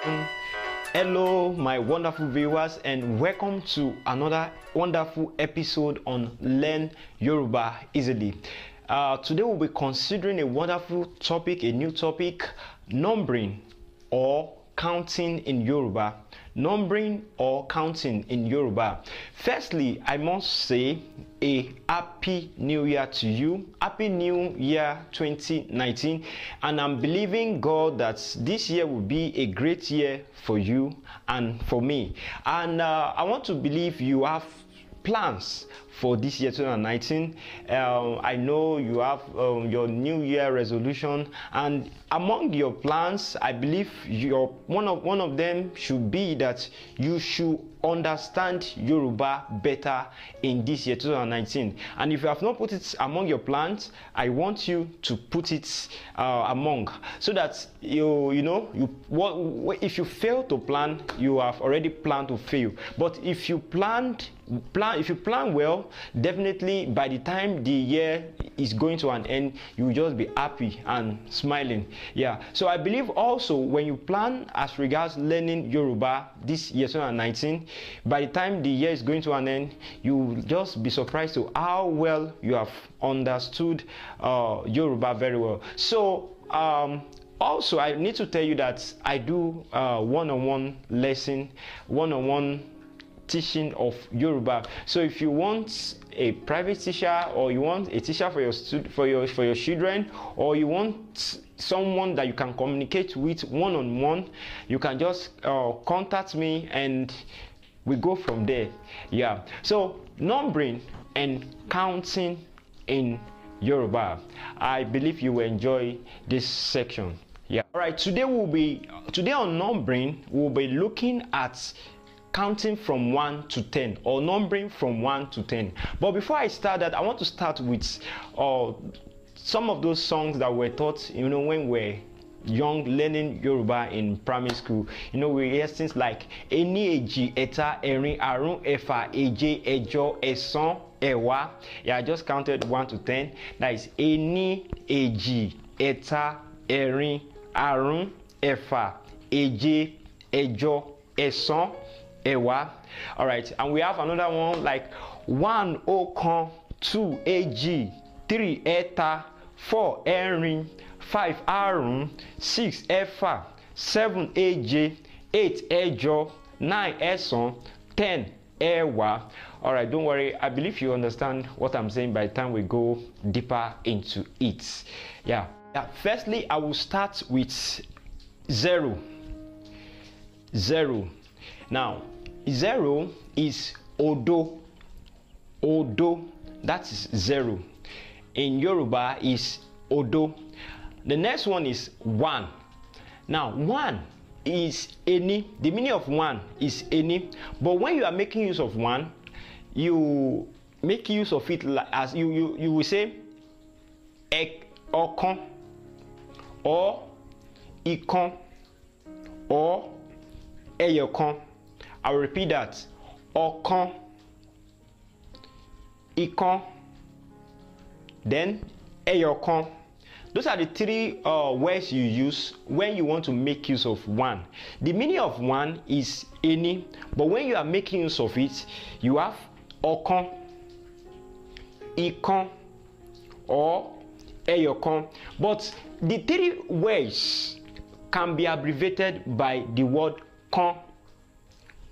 Mm. Hello, my wonderful viewers, and welcome to another wonderful episode on Learn Yoruba Easily. Uh, today, we'll be considering a wonderful topic, a new topic numbering or counting in Yoruba numbering or counting in Yoruba. Firstly, I must say a happy new year to you. Happy new year 2019. And I'm believing God that this year will be a great year for you and for me. And uh, I want to believe you have plans for this year 2019 um, uh, i know you have um, your new year resolution and among your plans i believe your one of one of them should be that you should understand Yoruba better in this year 2019. And if you have not put it among your plans, I want you to put it uh, among so that you you know you what if you fail to plan, you have already planned to fail. But if you planned plan if you plan well definitely by the time the year is going to an end you will just be happy and smiling yeah so i believe also when you plan as regards learning yoruba this year 2019 by the time the year is going to an end, you will just be surprised to how well you have understood uh, Yoruba very well. So, um, also, I need to tell you that I do one on one lesson, one on one teaching of Yoruba. So if you want a private teacher or you want a teacher for your stud- for your for your children or you want someone that you can communicate with one on one, you can just uh, contact me and we go from there yeah so numbering and counting in yoruba i believe you will enjoy this section yeah all right today we'll be today on numbering we'll be looking at counting from 1 to 10 or numbering from 1 to 10 but before i start that i want to start with uh, some of those songs that were taught you know when we we're young learning Yoruba in primary school. You know, we hear things like ení èjì eta erin arun ẹ̀fà èje ẹ̀jọ ẹ̀sán ewa. Yeah, I just counted one to ten. That is ení èjì eta erin arun ẹ̀fà èje ẹ̀jọ ẹ̀sán ewa. All right, and we have another one like one ọ̀kan two èjì three eta four erin five àrún six ẹ̀fà seven èje eight ẹ̀jọ nine ẹ̀sán ten ẹ̀wá. Alright, don't worry. I believe you understand what I'm saying by the time we go deeper into it. Yeah. yeah. Firstly, I will start with zero. Zero. Now, zero is odo. Odo. That is zero. In Yoruba is odo. The next one is one. Now, one is any. The meaning of one is any. But when you are making use of one, you make use of it as you you you will say ek ọ̀kan or ìkan or ẹyọ̀kan. I will repeat that. Ọ̀kan ìkan then ẹyọ̀kan. Those are the three uh, words you use when you want to make use of one. The meaning of one is any, but when you are making use of it, you have ọ̀kan, ìkan, or ẹyọ̀kan. But the three words can be abbreviated by the word kan,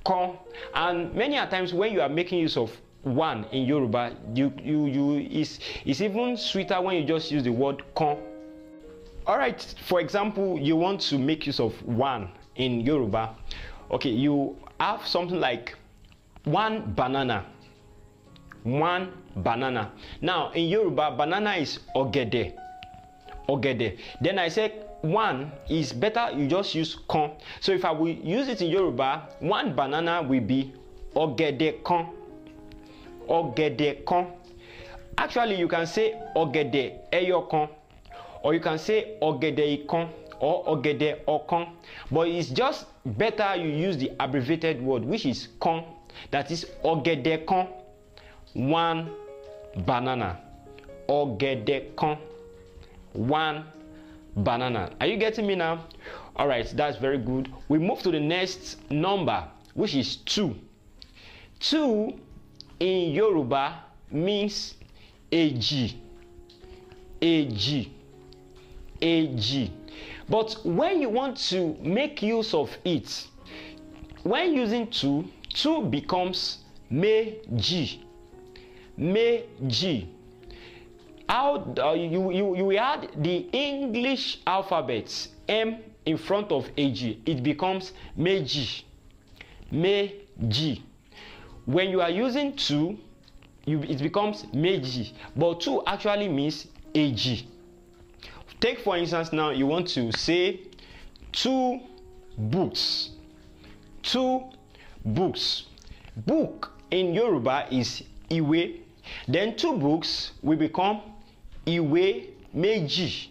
kan. And many a times when you are making use of one in Yoruba you you you is is even sweeter when you just use the word con. All right, for example, you want to make use of one in Yoruba. Okay, you have something like one banana. One banana. Now in Yoruba, banana is ogede. Ogede. Then I say one is better you just use con. So if I will use it in Yoruba, one banana will be ogede con ọ̀gẹ̀dẹ̀ kan actually you can say ọ̀gẹ̀dẹ̀ ẹyọ kan or you can say ọ̀gẹ̀dẹ̀ ìkan or ọ̀gẹ̀dẹ̀ ọ̀kan but it's just better you use the abbreviated word which is kan that is ọ̀gẹ̀dẹ̀ kan one banana ọ̀gẹ̀dẹ̀ kan one banana are you getting me now All right, that's very good we move to the next number which is two two in Yoruba means èjì èjì èjì but when you want to make use of it when using two two becomes méjì méjì how uh, you you you add the English alphabet M in front of èjì it becomes méjì méjì. when you are using two you it becomes meji but two actually means ag take for instance now you want to say two books two books book in yoruba is iwe then two books will become iwe meji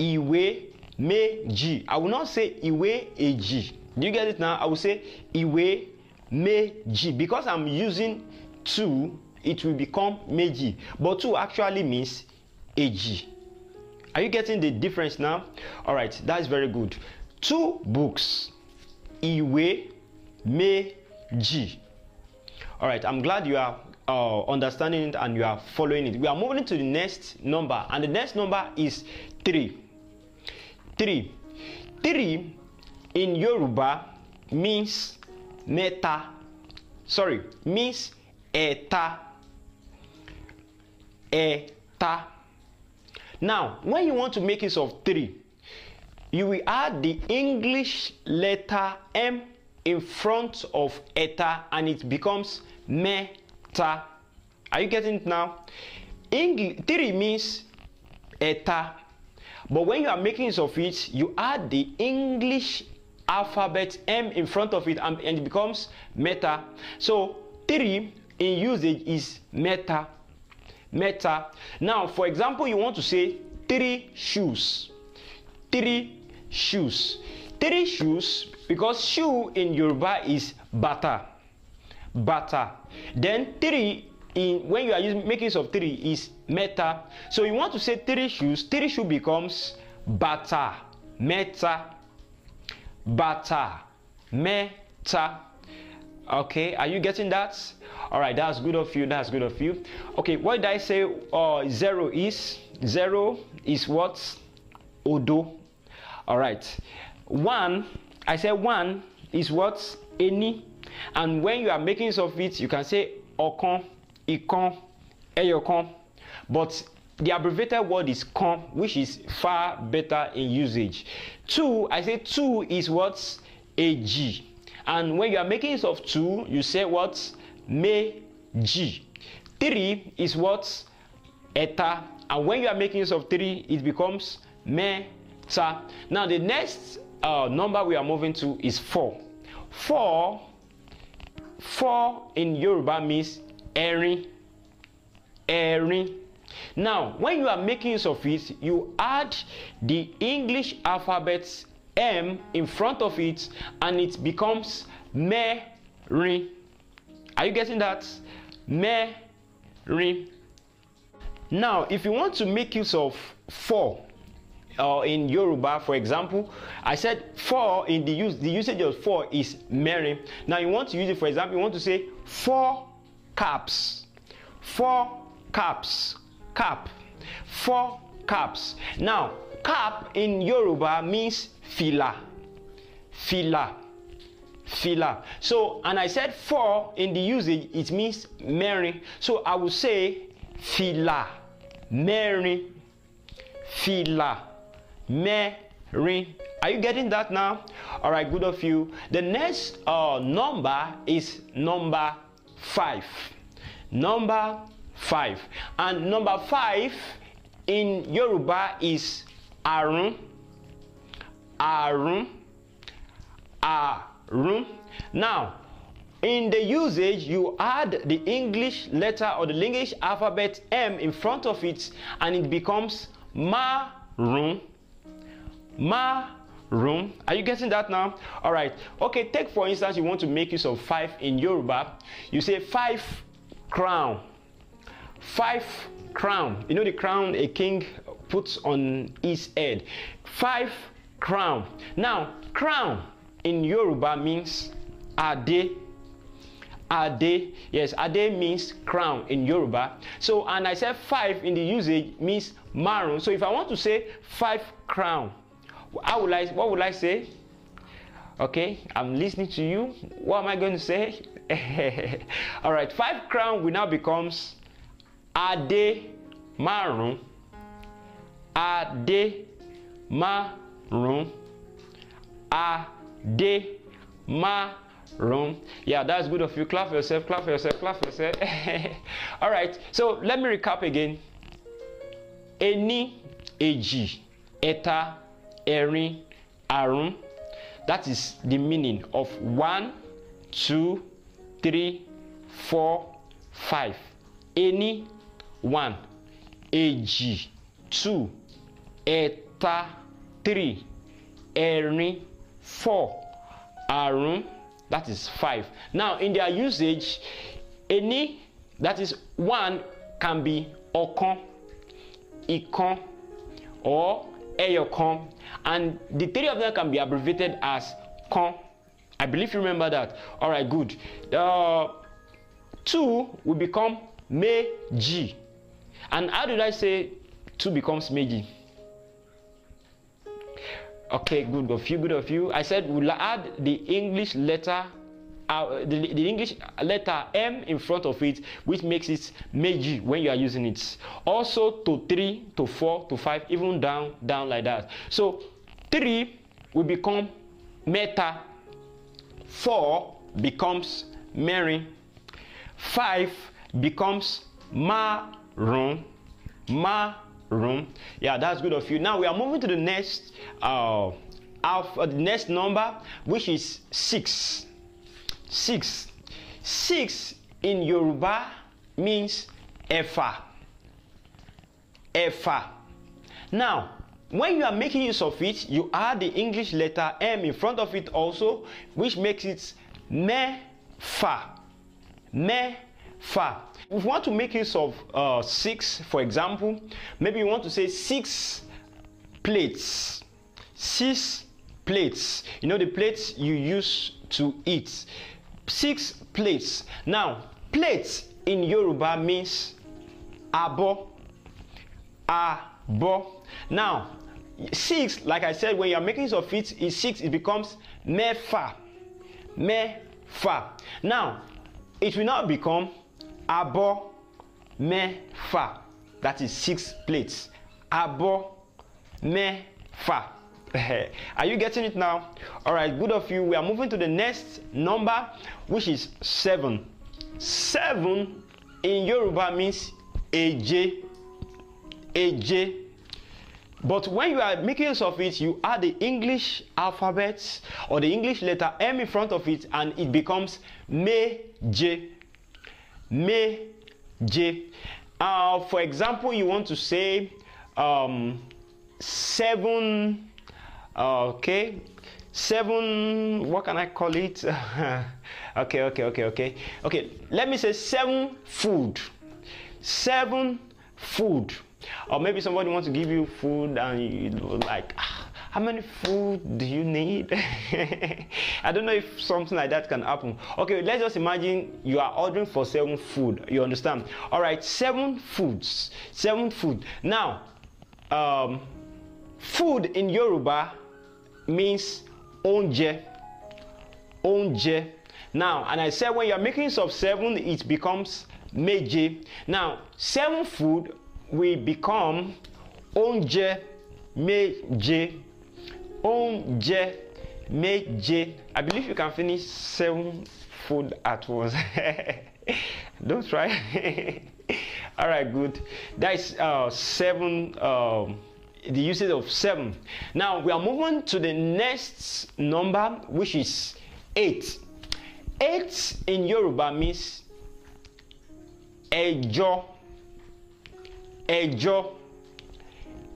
iwe meji i will not say iwe eji do you get it now i will say iwe meji Because I'm using two, it will become meji But two actually means AG. Are you getting the difference now? All right, that's very good. Two books, Iwe, meji All right, I'm glad you are uh, understanding it and you are following it. We are moving to the next number, and the next number is three. Three. Three in Yoruba means mẹ́ta sorry means ẹ̀ta ẹ̀ta now when you want to make use of three you will add the English letter M in front of ẹ̀ta and it becomes mẹ́ta are you getting it now English three means ẹ̀ta but when you are making use of it you add the English alphabet M in front of it and, and it becomes meta. So three in usage is meta. Meta. Now, for example, you want to say three shoes. Three shoes. Three shoes because shoe in Yoruba is bata. Bata. Then three in when you are using making use of three is meta. So you want to say three shoes, three shoe becomes bata. Meta. bata, meta. Okay, are you getting that? All right, that's good of you. That's good of you. Okay, what did I say? Uh, zero is zero is what? Odo. All right, one. I said one is what? Any. And when you are making use of it, you can say okon, ikon, eyokon But the abbreviated word is com which is far better in usage two i say two is what ag and when you are making use of two you say what "may g." three is what eta and when you are making use of three it becomes meta now the next uh, number we are moving to is four four four in yoruba means erin erin Now, when you are making use of it, you add the English alphabet M in front of it and it becomes Mary. Are you getting that? Mary. Now, if you want to make use of four uh, in Yoruba, for example, I said four in the use the usage of four is Mary. Now you want to use it, for example, you want to say four caps, four caps cap. Four caps. Now, cap in Yoruba means fila. Fila. Fila. So, and I said four in the usage, it means Mary. So I would say fila. Mary. Fila. Mary. Are you getting that now? All right, good of you. The next uh, number is number five. Number five. And number five in Yoruba is Arun, Arun, Arun. Now, in the usage, you add the English letter or the English alphabet M in front of it and it becomes Marun, Marun room. Are you getting that now? All right. Okay, take for instance, you want to make use of five in Yoruba. You say five crown. Five crown. You know the crown a king puts on his head. Five crown. Now, crown in Yoruba means ade. Ade, yes, ade means crown in Yoruba. So, and I said five in the usage means maroon. So, if I want to say five crown, how would I? What would I say? okay i'm listening to you what am i going to say all right five crown will now becomes adé márùn adé márùn adé márùn. Yeah, that's good of you. Clap for yourself, clap for yourself, clap for yourself. All right, so let me recap again. Ení, èjì, ẹ̀ta, ẹ̀rin, àrún. That is the meaning of one, two, three, four, five. Ení, one èjì two ẹ̀ta three ẹ̀rin four àrún that is five now in their usage ení that is one can be ọ̀kan ìkan or ẹyọ̀kan and the three of them can be abbreviated as kan i believe you remember that alright good uh, two will become méjì. And how did I say two becomes Meiji? Okay, good of you, good of you. I said we'll add the English letter, uh, the, the English letter M in front of it, which makes it Meiji when you are using it. Also to three, to four, to five, even down, down like that. So three will become Meta. Four becomes Mary. Five becomes Ma room ma room yeah that's good of you now we are moving to the next uh, alpha, uh, the next number which is six six six in yoruba means ẹ̀fà ẹ̀fà now when you are making use of it you add the english letter m in front of it also which makes it mẹ́fà mẹ́fà If you want to make use of uh, six, for example, maybe you want to say six plates. Six plates. You know the plates you use to eat. Six plates. Now, plates in Yoruba means abo. Abo. Now, six, like I said, when you are making use of it, is six, it becomes mefa. Mefa. Now, it will now become Abo me fa, that is six plates Abo me fa. are you getting it now all right good of you we are moving to the next number which is seven seven in Yoruba means èje èje but when you are making use of it you add the English alphabet or the English letter M in front of it and it becomes méje méje. Uh, for example, you want to say um, seven, uh, okay, seven, what can I call it? okay, okay, okay, okay. Okay, let me say seven food. Seven food. Or maybe somebody wants to give you food and you like, ah, how many food do you need? I don't know if something like that can happen. Okay, let's just imagine you are ordering for seven food. You understand? All right, seven foods, seven food. Now, um, food in Yoruba means onje. Onje. Now, and I said when you are making sub seven, it becomes meje. Now, seven food will become onje meje oúnjẹ méje i believe you can finish seven food at once don't try all right good that is uh, seven um, the usage of seven now we are moving to the next number which is eight eight in Yoruba means ẹjọ ẹjọ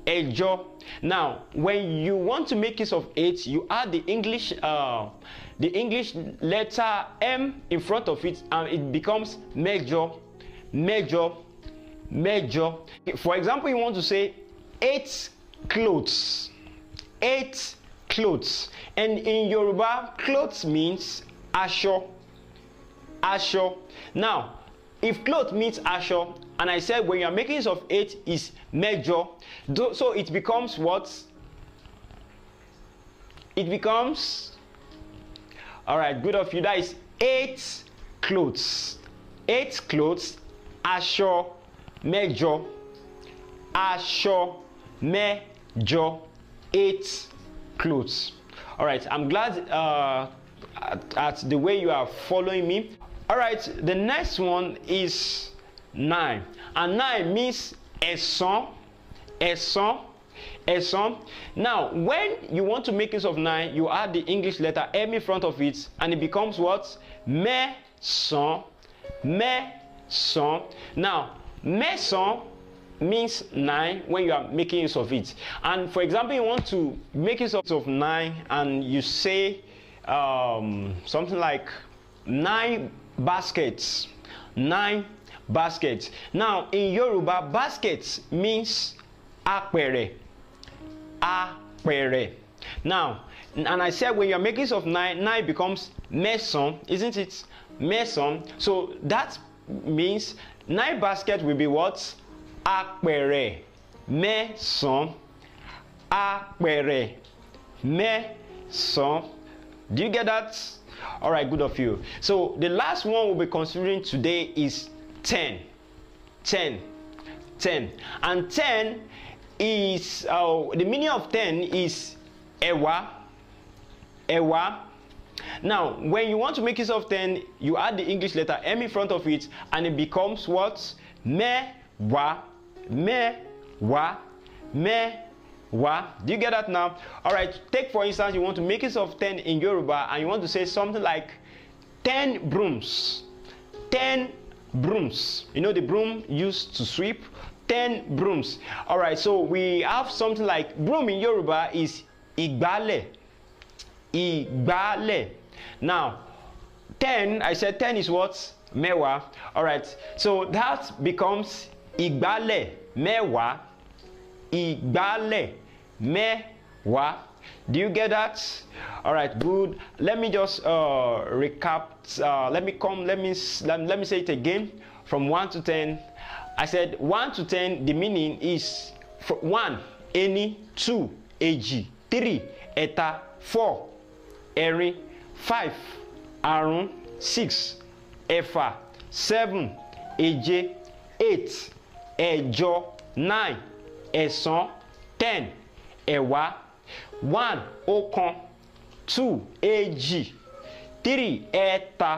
ẹjọ. Now, when you want to make use of it, you add the English uh, the English letter M in front of it, and it becomes major, major, major. For example, you want to say eight clothes, eight clothes, and in Yoruba, clothes means asho, asho. Now, if cloth meets ashore, and I said when you are making use of it is major, so it becomes what it becomes all right good of you that is eight clothes eight clothes ashore, major, ashore, major, eight clothes all right I'm glad uh, at, at the way you are following me All right, the next one is nine, and nine means a a son, son, a son. Now, when you want to make use of nine, you add the English letter M in front of it, and it becomes what? Me son, me son. Now, me son means nine when you are making use of it. And for example, you want to make use of nine, and you say um, something like nine baskets. Nine baskets. Now, in Yoruba, baskets means apere. Apere. Now, and I said when you're making of nine, nine becomes meson, isn't it? Meson. So that means nine baskets will be what? Apere. Meson. Apere. Meson. Do you get that? All right, good of you. So the last one we'll be considering today is 10. 10. 10. And 10 is, uh, the meaning of 10 is ewa. Ewa. Now, when you want to make use of 10, you add the English letter M in front of it and it becomes what? Me, wa, me, wa, me, Wow, do you get that now? All right, take for instance, you want to make it of 10 in Yoruba and you want to say something like 10 brooms. 10 brooms. You know the broom used to sweep? 10 brooms. All right, so we have something like broom in Yoruba is igbale. Igbale. Now, 10, I said 10 is what? Mewa. All right, so that becomes igbale. Mewa. Igbale. Me wa, do you get that all right good let me just uh, recap uh, let me come let me let, let me say it again from one to ten, i said one to ten. the meaning is one, any two, ag three, eta four, 4 five, arun six, 6 seven, 7 eight, 8 nine, 9 ẹ̀sán 10 ẹ̀wá one ọ̀kan two èjì three ẹ̀ta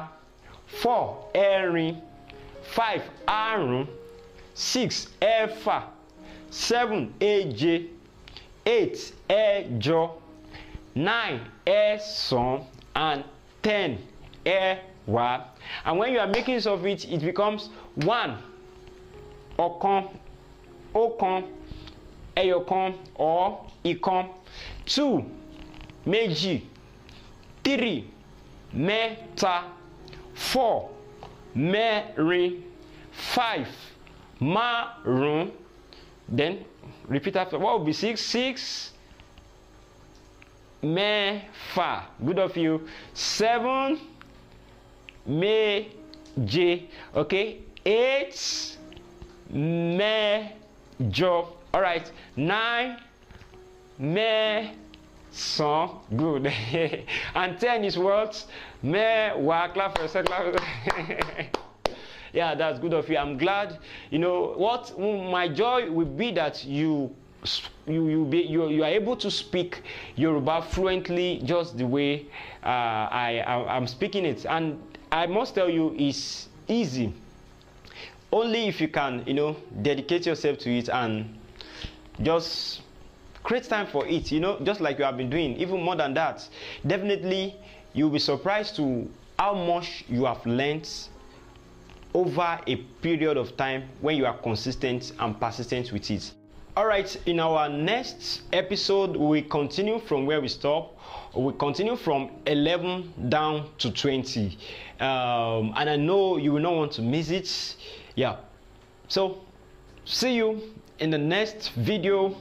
four ẹ̀rin five Arun, six ẹ̀fà seven èje eight ẹ̀jọ nine ẹ̀sán and ten ẹ̀wá and when you are making use of it it becomes one ọ̀kan ọ̀kan ẹyọkan or ìkan two Meji. three mẹ́ta four mẹ́rin five márùn then repeat after what will be six six mẹ́fà good of you seven méje okay eight mẹ́jọ. All right, nine, me, son, good. and 10 is what? Me, wa, clap for yourself, clap yeah, that's good of you. I'm glad. You know what? My joy will be that you you you be you, you are able to speak Yoruba fluently, just the way uh, I, I am speaking it. And I must tell you, it's easy. Only if you can, you know, dedicate yourself to it and just create time for it you know just like you have been doing even more than that definitely you'll be surprised to how much you have learned over a period of time when you are consistent and persistent with it all right in our next episode we continue from where we stop we continue from 11 down to 20 um, and i know you will not want to miss it yeah so see you in the next video